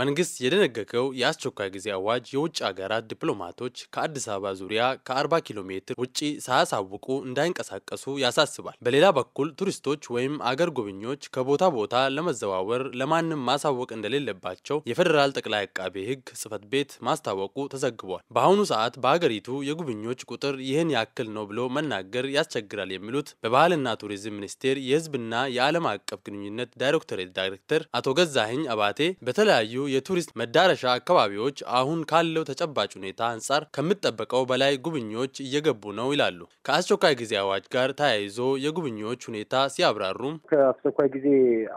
መንግስት የደነገገው የአስቸኳይ ጊዜ አዋጅ የውጭ ሀገራት ዲፕሎማቶች ከአዲስ አበባ ዙሪያ ከ40 ኪሎ ሜትር ውጭ ሳያሳውቁ እንዳይንቀሳቀሱ ያሳስባል። በሌላ በኩል ቱሪስቶች ወይም አገር ጎብኚዎች ከቦታ ቦታ ለመዘዋወር ለማንም ማሳወቅ እንደሌለባቸው የፌዴራል ጠቅላይ አቃቤ ሕግ ጽህፈት ቤት ማስታወቁ ተዘግቧል። በአሁኑ ሰዓት በሀገሪቱ የጉብኚዎች ቁጥር ይህን ያክል ነው ብሎ መናገር ያስቸግራል የሚሉት በባህልና ቱሪዝም ሚኒስቴር የህዝብና የዓለም አቀፍ ግንኙነት ዳይሬክቶሬት ዳይሬክተር አቶ ገዛኸኝ አባቴ በተለያዩ የቱሪስት መዳረሻ አካባቢዎች አሁን ካለው ተጨባጭ ሁኔታ አንጻር ከምጠበቀው በላይ ጉብኚዎች እየገቡ ነው ይላሉ። ከአስቸኳይ ጊዜ አዋጅ ጋር ተያይዞ የጉብኚዎች ሁኔታ ሲያብራሩም ከአስቸኳይ ጊዜ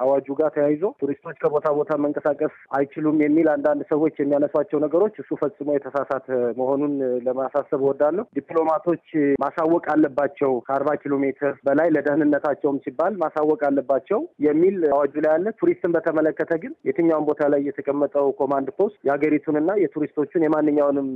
አዋጁ ጋር ተያይዞ ቱሪስቶች ከቦታ ቦታ መንቀሳቀስ አይችሉም የሚል አንዳንድ ሰዎች የሚያነሷቸው ነገሮች እሱ ፈጽሞ የተሳሳተ መሆኑን ለማሳሰብ እወዳለሁ። ዲፕሎማቶች ማሳወቅ አለባቸው። ከአርባ ኪሎ ሜትር በላይ ለደህንነታቸውም ሲባል ማሳወቅ አለባቸው የሚል አዋጁ ላይ አለ። ቱሪስትን በተመለከተ ግን የትኛውን ቦታ ላይ እየተቀመ የተቀመጠው ኮማንድ ፖስት የሀገሪቱንና የቱሪስቶቹን የማንኛውንም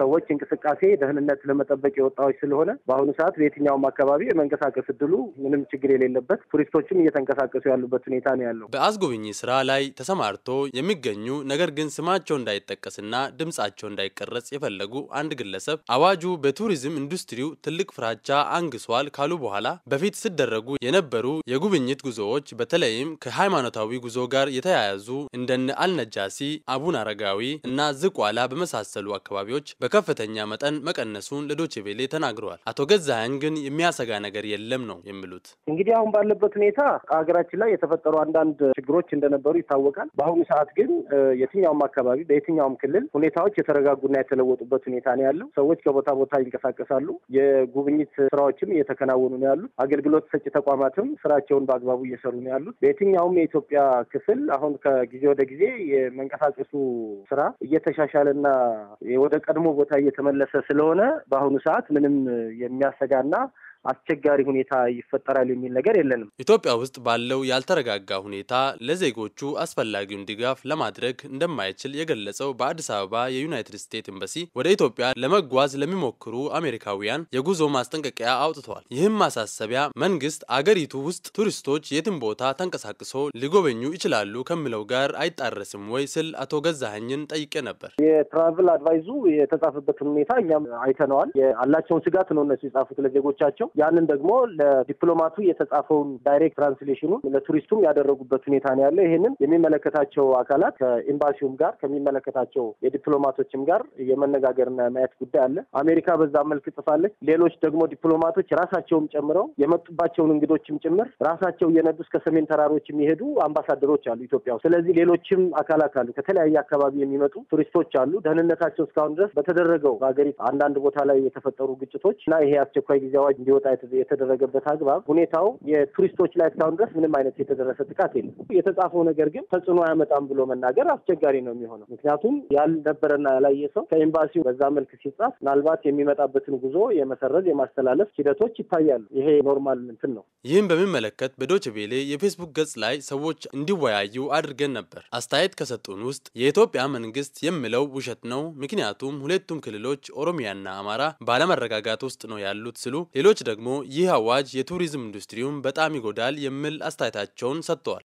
ሰዎች እንቅስቃሴ ደህንነት ለመጠበቅ የወጣዎች ስለሆነ በአሁኑ ሰዓት በየትኛውም አካባቢ የመንቀሳቀስ እድሉ ምንም ችግር የሌለበት ቱሪስቶችም እየተንቀሳቀሱ ያሉበት ሁኔታ ነው ያለው። በአስጎብኝ ስራ ላይ ተሰማርቶ የሚገኙ ነገር ግን ስማቸው እንዳይጠቀስና ድምጻቸው እንዳይቀረጽ የፈለጉ አንድ ግለሰብ አዋጁ በቱሪዝም ኢንዱስትሪው ትልቅ ፍራቻ አንግሷል ካሉ በኋላ በፊት ሲደረጉ የነበሩ የጉብኝት ጉዞዎች በተለይም ከሃይማኖታዊ ጉዞ ጋር የተያያዙ እንደነ አልነጃ ዳሲ፣ አቡን አረጋዊ እና ዝቋላ በመሳሰሉ አካባቢዎች በከፍተኛ መጠን መቀነሱን ለዶቼ ቬሌ ተናግረዋል። አቶ ገዛኸኝ ግን የሚያሰጋ ነገር የለም ነው የሚሉት። እንግዲህ አሁን ባለበት ሁኔታ ሀገራችን ላይ የተፈጠሩ አንዳንድ ችግሮች እንደነበሩ ይታወቃል። በአሁኑ ሰዓት ግን የትኛውም አካባቢ በየትኛውም ክልል ሁኔታዎች የተረጋጉና የተለወጡበት ሁኔታ ነው ያለው። ሰዎች ከቦታ ቦታ ይንቀሳቀሳሉ። የጉብኝት ስራዎችም እየተከናወኑ ነው ያሉት። አገልግሎት ሰጪ ተቋማትም ስራቸውን በአግባቡ እየሰሩ ነው ያሉት። በየትኛውም የኢትዮጵያ ክፍል አሁን ከጊዜ ወደ ጊዜ የመንቀሳቀሱ ስራ እየተሻሻለና ወደ ቀድሞ ቦታ እየተመለሰ ስለሆነ በአሁኑ ሰዓት ምንም የሚያሰጋና አስቸጋሪ ሁኔታ ይፈጠራል የሚል ነገር የለንም። ኢትዮጵያ ውስጥ ባለው ያልተረጋጋ ሁኔታ ለዜጎቹ አስፈላጊውን ድጋፍ ለማድረግ እንደማይችል የገለጸው በአዲስ አበባ የዩናይትድ ስቴትስ ኤምባሲ ወደ ኢትዮጵያ ለመጓዝ ለሚሞክሩ አሜሪካውያን የጉዞ ማስጠንቀቂያ አውጥተዋል። ይህም ማሳሰቢያ መንግስት አገሪቱ ውስጥ ቱሪስቶች የትም ቦታ ተንቀሳቅሶ ሊጎበኙ ይችላሉ ከምለው ጋር አይጣረስም ወይ ስል አቶ ገዛኸኝን ጠይቄ ነበር። የትራቭል አድቫይዙ የተጻፈበትን ሁኔታ እኛም አይተነዋል። ያላቸውን ስጋት ነው እነሱ የጻፉት ለዜጎቻቸው ያንን ደግሞ ለዲፕሎማቱ የተጻፈውን ዳይሬክት ትራንስሌሽኑ ለቱሪስቱም ያደረጉበት ሁኔታ ነው ያለ። ይህንን የሚመለከታቸው አካላት ከኤምባሲውም ጋር ከሚመለከታቸው የዲፕሎማቶችም ጋር የመነጋገርና የማየት ጉዳይ አለ። አሜሪካ በዛ መልክ ጽፋለች። ሌሎች ደግሞ ዲፕሎማቶች ራሳቸውም ጨምረው የመጡባቸውን እንግዶችም ጭምር ራሳቸው እየነዱ እስከ ሰሜን ተራሮች የሚሄዱ አምባሳደሮች አሉ ኢትዮጵያ ውስጥ። ስለዚህ ሌሎችም አካላት አሉ። ከተለያየ አካባቢ የሚመጡ ቱሪስቶች አሉ። ደህንነታቸው እስካሁን ድረስ በተደረገው በሀገሪቱ አንዳንድ ቦታ ላይ የተፈጠሩ ግጭቶች እና ይሄ አስቸኳይ ጊዜ አዋጅ እንዲሆ እንዲወጣ የተደረገበት አግባብ ሁኔታው የቱሪስቶች ላይ እስካሁን ድረስ ምንም አይነት የተደረሰ ጥቃት የለም። የተጻፈው ነገር ግን ተጽዕኖ አያመጣም ብሎ መናገር አስቸጋሪ ነው የሚሆነው። ምክንያቱም ያልነበረና ያላየ ሰው ከኤምባሲው በዛ መልክ ሲጻፍ ምናልባት የሚመጣበትን ጉዞ የመሰረዝ የማስተላለፍ ሂደቶች ይታያሉ። ይሄ ኖርማል እንትን ነው። ይህም በሚመለከት በዶች ቤሌ የፌስቡክ ገጽ ላይ ሰዎች እንዲወያዩ አድርገን ነበር። አስተያየት ከሰጡን ውስጥ የኢትዮጵያ መንግስት የሚለው ውሸት ነው፣ ምክንያቱም ሁለቱም ክልሎች ኦሮሚያና አማራ ባለመረጋጋት ውስጥ ነው ያሉት ሲሉ ሌሎች ደግሞ ይህ አዋጅ የቱሪዝም ኢንዱስትሪውን በጣም ይጎዳል የሚል አስተያየታቸውን ሰጥተዋል።